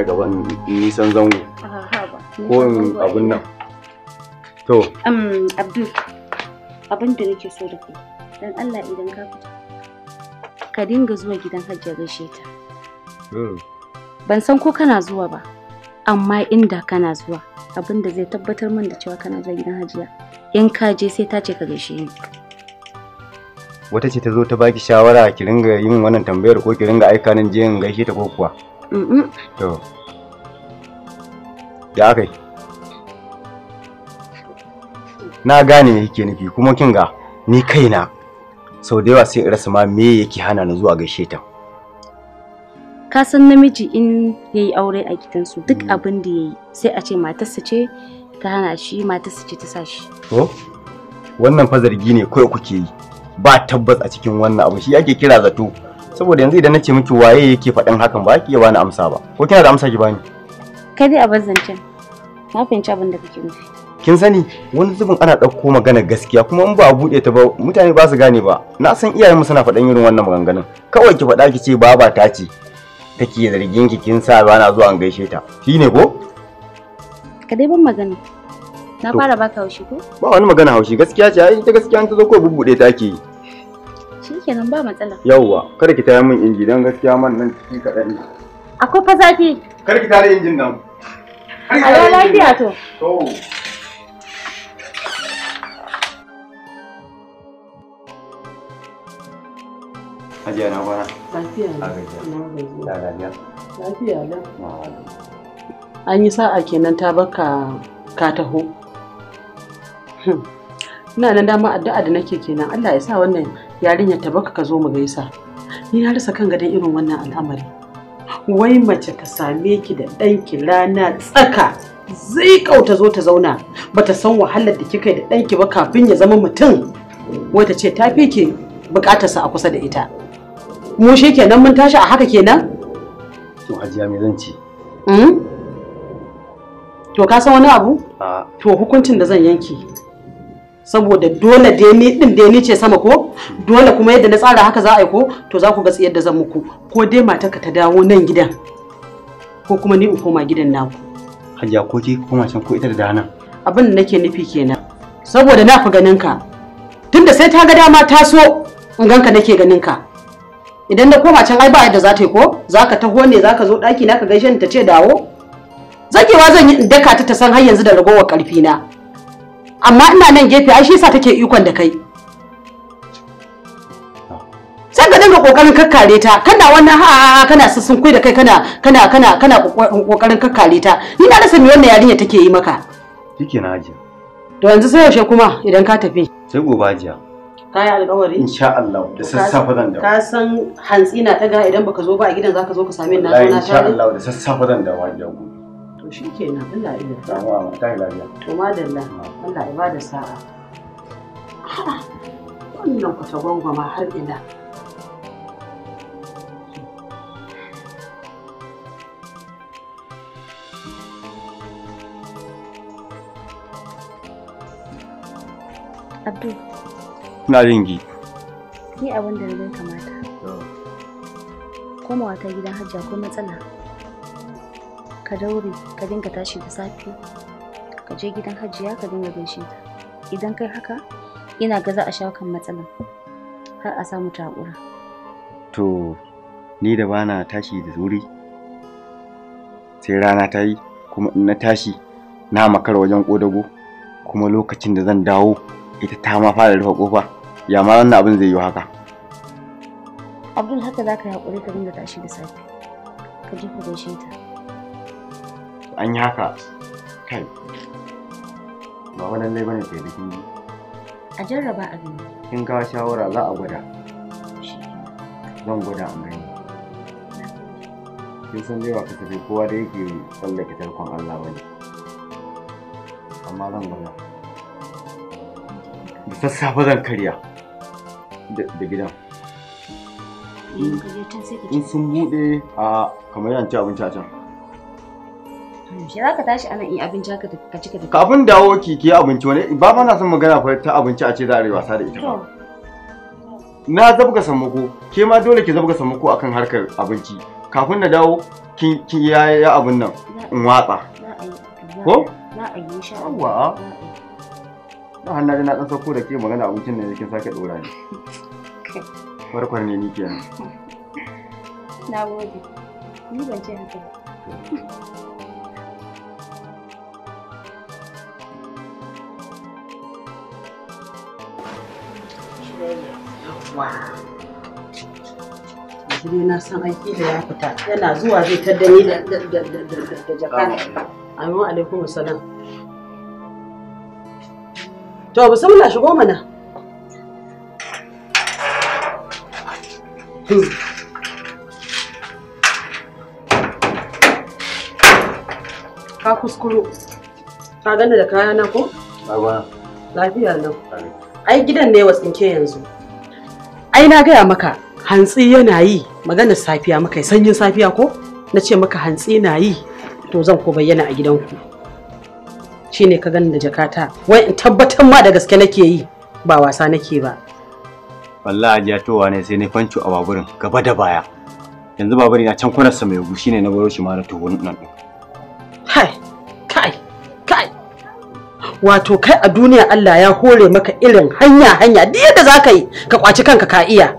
ƙara gaba ah, in nisan zango ko in abin nan to um, abdul abin da nake so da ku dan allah idan ka fita ka dinga zuwa gidan hajjar gaishe ta hmm. ban san ko kana zuwa ba amma inda kana zuwa abin da zai tabbatar min da cewa kana zuwa gidan hajiya in ka je sai ta ce ka gaishe ni wata ce ta zo ta baki shawara ki ringa yin wannan tambayar ko ki ringa aika nan je in gaishe ta ko kuwa ya kai na gane yake nufi kuma kin ga ni kaina sau da yawa sai in rasa ma me yake hana na zuwa gaishe ta ka san namiji in yayi aure a gidansu duk mm. abin da yayi sai a ce matarsa ce ta hana shi matarsa ce ta sa shi to wannan fa zargi ne kawai kuke yi ba tabbas a cikin wannan abu shi ake kira zato saboda yanzu idan nace miki waye yake faɗin hakan ba ki bani amsa ba ko kina da amsa ki bani kai dai a bazzancin na fahimci abin da kake nufi kin sani wani zubin ana ɗauko magana gaskiya kuma in ba a buɗe ta ba mutane ba su gane ba na san iyayenmu suna faɗan irin wannan maganganun kawai ki faɗa ki ce baba ta ce take zargin ki kin sa na zuwa an gaishe ta shine ko ka dai ban magana na fara baka haushi ko ba wani magana haushi gaskiya ce ai ita gaskiya an ta zo ko bubbuɗe ta ke yi kenan ba matsala yawwa kada ki taya min inji dan gaskiya man nan ciki kaɗan ne akwai fa zafi Kar ki tare injin nan a lafiya to to Hajiya na kwana. Lafiya na. Lafiya. Lafiya. Lafiya An yi sa'a kenan ta baka ka taho. Hm. Ina nan dama addu'a da nake kenan Allah ya sa wannan yarinyar ta baka ka zo mu gaisa ni na rasa kan gadon irin wannan al'amari wai mace ka same ki da ɗanki rana tsaka zai ta zo ta zauna bata san wahalar da kika da ɗanki ba kafin ya zama mutum wai ta ce ta fi ki bukatarsa a kusa da ita mu shi kenan mun tashi a haka kenan to hajiya me zan ce hmm? to ka san wani abu to hukuncin da zan yanki. saboda dole dai ni din dai ni ce sama ko dole kuma yadda na tsara haka za a yi ko to za ku ga tsiyar da zan muku ko dai matarka ta dawo nan gidan ko kuma ni in koma gidan naku hajiya ko ki koma can ko ita da dana abin da nake nufi kenan saboda na fi ganin ka tunda sai ta ga dama ta so in ganka nake ganin ka idan na koma can ai ba yadda za ta yi ko za ka taho ne za ka zo ɗaki na ka gaishe ta ce dawo zagewa zan yi in daka ta ta san har yanzu da ragowar ƙarfina. na amma ina nan gefe ai shi yasa take ikon da kai sai ka dinga kokarin kakkare ta kana wannan ha kana sun kai da kai kana kana kana kana kokarin kakkare ta ni na rasa me wannan yarinya take yi maka kike na hajiya to yanzu sai yaushe kuma idan ka tafi sai gobe ajiya. ka yi alƙawari insha Allah da sassafe zan dawo ka san hantsi na ta ga idan baka zo ba a gidan zaka zo ka same ni na zo na tare insha Allah da sassafe zan dawo hajiya shi kenan Allah ya yarda yawa ta lafiya to madalla Allah ya bada sa'a wannan kwata gwangwama har ina Abdul. Ina jin gi. Ni abin da na kamata. Komawa ta gidan hajja ko matsala. ka daure ka dinga tashi da safe ka je gidan hajiya ka dinga gaishe ta idan kai haka ina ga za a sha kan matsalan har a samu takura to ni da bana tashi da wuri sai rana ta yi kuma in na tashi na makar wajen kodago kuma lokacin da zan dawo ita ta ma fara rufe kofa ya ma wannan abin zai yi haka abdul haka za ka yi haƙuri ka dinga tashi da safe ka ji ka gaishe ta an yi haka kai ba wani lallai bane ta yi a jarraba a kin kawo shawara za a gwada zan gwada an gani kin san dai ba ka tafi kowa da yake tsallake tarkon Allah ba ne amma zan gwada da sassafe zan karya da gidan in sun buɗe a kamar yanci abinci a can Yaushe za ka tashi anan in abinci haka ka cika tafi? Kafin dawo ki abinci wani ba ma na son magana fa ta abinci a ce za a yi wasa da ita ba. Na zabga sammako ke ma dole ki zabga sammako akan harkar abinci kafin na dawo kin ya ya abin nan in watsa. Ko? Za a yi insha Na hannu na dan sauko da ke magana abincin ne kin sake dora ni. Farkwar ne ni kenan. Na gode. Ni ban ce haka ba. Wa! dai na san aiki da ya fita yana zuwa zai tadda ni da jaka amin alaikum salam to bismillah shigo mana ka kuskuru. ka gani da kayana ko? lafiya lau ai gidan ne wa tsinke yanzu ai na gaya maka hantsi yana yi maganar safiya maka sanyin safiya ko na ce maka hantsi na yi to zan ko bayyana a gidanku shine ka gani da jakata wai in tabbatar ma da gaske nake yi ba wasa nake ba wallahi ajiya towa ne sai ni fancu a baburin gaba da baya yanzu baburi na can kunarsa mai gushi ne na baro shi ma na tuhon nan kai kai wato kai a duniya Allah ya hore maka irin hanya hanya duk yadda za ka yi ka kwaci kanka ka iya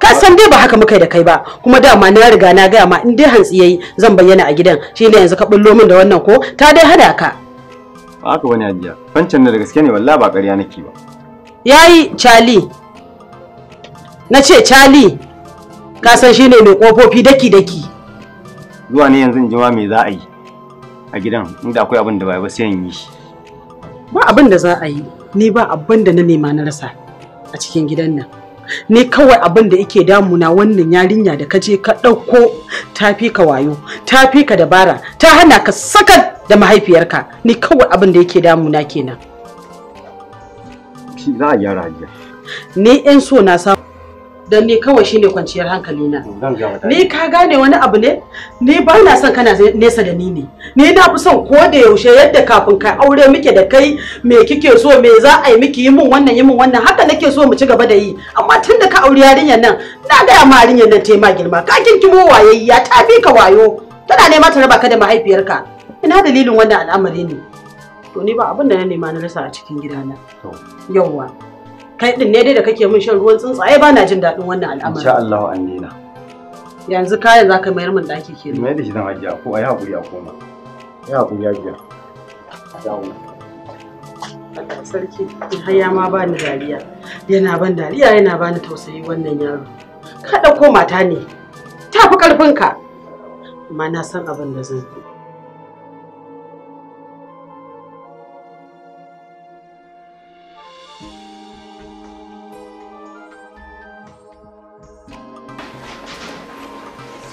ka san dai ba haka muka yi da kai ba kuma dama na riga na gaya ma in dai hantsi yayi zan bayyana a gidan shine yanzu ka bullo min da wannan ko ta dai hada ka ba haka wani hajiya fancan da gaske ne wallahi ba ƙarya nake ba yayi chali na ce chali ka san shine mai kofofi daki daki zuwa ne yanzu in ji ma me za a yi a gidan inda akwai abin da ba sai in yi shi ba abin da za a yi ni ba abin da na nema na rasa a cikin gidan nan ni kawai abin da yake damuna wannan yarinya da kaje ka ɗauko ta fi ka wayo ta fi ka dabara ta hana ka sakar da mahaifiyarka ni kawai abin da yake damuna kenan za a ni in so na samu dan ni kawai shine kwanciyar hankali na ni ka gane wani abu ne ni ba na son kana nesa da ni ne ni na fi son ko da yaushe yadda kafin ka aure muke da kai me kike so me za a yi miki yi min wannan yi min wannan haka nake so mu ci gaba da yi amma tun da ka aure yarinyar nan na ga ma yarinyar nan tema girma ka kinkimo wayayya ta fi ka wayo tana nema ta raba ka da mahaifiyarka ina dalilin wannan al'amari ne to ni ba abin da na nema na rasa a cikin gidana yauwa kai din ne dai da kake min shan ruwan tsuntsaye ba na jin daɗin wannan al'amari insha Allah annina yanzu kayan ka mayar min daki kenan mai da shi zan ajiya ko ai hakuri a koma ya hakuri ya biya dawo sarki haya ma ba ni dariya yana ban dariya yana ba ni tausayi wannan yaro ka ɗauko mata ne ta fi ƙarfinka amma na san abin da zan yi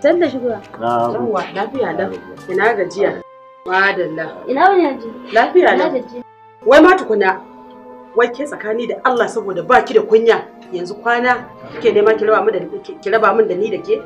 San da Yawwa, lafiya lau. Ina gajiya. Madalla. Ina wani Lafiya Wai ma tukuna. Wai ke tsakani da Allah saboda baki da kunya. Yanzu kwana kike nema ki raba min da ki raba min da ni da ke.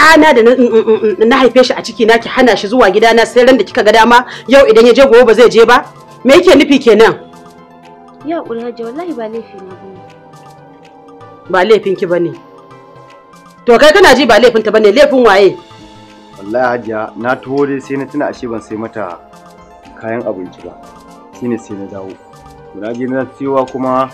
ɗana da na mm, mm, mm, haife shi a ciki na ki hana shi zuwa gidana sai ran da kika ga dama yau idan ya je gobe ba zai je ba me yake nufi kenan ya ƙuri wallahi ba laifi ne ba laifin ki bane To kai kana ji ba laifin ta bane laifin waye? Wallahi Hajiya na tuwo dai sai na tuna ashe ban sai mata kayan abinci ba. Shine sai na dawo. Na je na siyowa kuma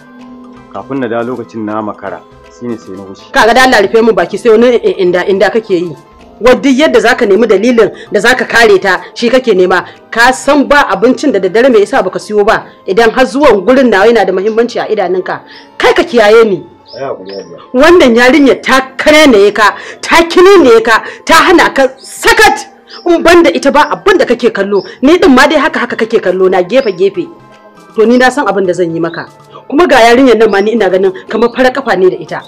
kafin na da lokacin na makara. Shine sai na wuce. Kaga da Allah rufe mu baki sai wani inda inda kake yi. wadda yadda zaka nemi dalilin da zaka kare ta shi kake nema ka san ba abincin da daddare mai yasa baka siyo ba idan har zuwan gurin nawa yana da muhimmanci a idanunka kai ka kiyaye ni wannan yarinya ta kare ne ka ta kini ne ka ta hana ka sakat in banda ita ba abin da kake kallo ni din ma dai haka haka kake kallo na gefe gefe to ni na san abin da zan yi maka kuma ga yarinyar nan ma ni ina ganin kamar fara kafa ne da ita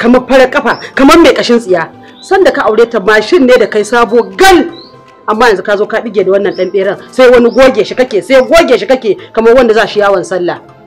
kamar fara kafa kamar mai kashin tsiya san da ka aure ta mashin ne da kai sabo gal amma yanzu ka zo ka dige da wannan dan beran sai wani goge shi kake sai goge shi kake kamar wanda za shi yawon sallah